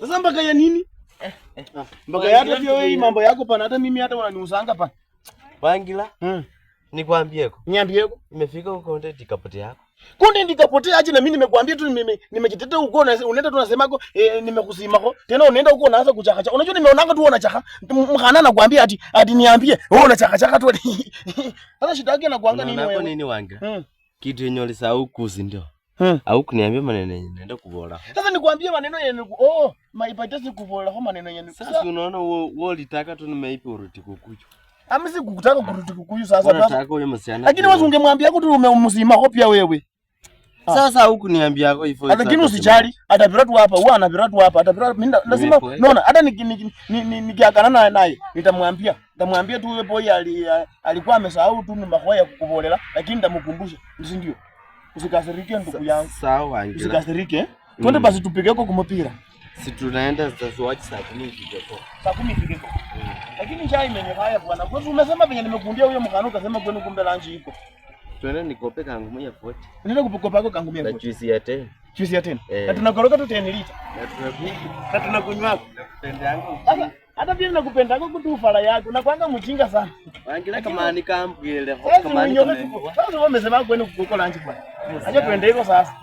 Sasa mbaga ya nini? Eh, eh. Ah, mbaga ya hata mpaka yata hii mambo yako pana hata mimi hata wananiusanga pana. Wangila. Hmm. Eh. Nikwambieko. Niambieko. Nimefika huko content ikapotea yako. Content ikapotea aje na mimi nimekuambia tu nimejiteta huko unaenda tu unasemako eh, nimekusima Tena unaenda huko unaanza kuchakacha. Unajua nimeonanga tu unachaka. Mkana anakuambia ati ati niambie wewe unachakachaka tu. Sasa shida yake anakuanga nini wewe? Nini Wangila? Hmm. Kitu yenye ulisahau kuzi ndio. Hmm. Au kuniambia maneno yenye naenda kuvola. Sasa nikuambie maneno yenye oh, maipatasi kuvola kwa maneno yenye. Sasa unaona wewe ulitaka tu nimeipe uruti kukuju. Ama ah, si kukutaka kuruti kukuyu sasa sasa. Unataka yule msiana. Lakini wewe ungemwambia yako tu umemzima ho pia wewe. Ah. Sasa huku niambia yako hivyo. Ah, lakini usijali, atapira tu hapa, huwa anapira tu hapa, atapira mimi lazima unaona hata nikiakanana naye nitamwambia, nitamwambia tu yule boy alikuwa amesahau tu namba ya kukuvolela, lakini nitamkumbusha, si ndio? Usikasirike ndugu yangu. Sawa Angela. Usikasirike. Twende mm. basi tupige huko kwa mpira. Si tunaenda za wachi saa 10 ifike huko. Saa 10 ifike huko. Mm. Lakini chai imenyaya bwana. Kwa sababu umesema venye nimekundia huyo mkanu kasema kwenu kumbe lanchi iko. Twende nikope kangu moja 140. Nenda kukopa kwako kangu moja Na juice ya 10. Juice ya 10. Eh. Na tunakoroka tu 10 lita. Na tunakunywa. Na tunakunywa. Sasa hata vile nakupenda kwako tu fara yako na kwanga mjinga sana. Wangila kama nikamwile. Sasa wewe umesema kwenu kukokola nje bwana. Aje twende hivyo sasa.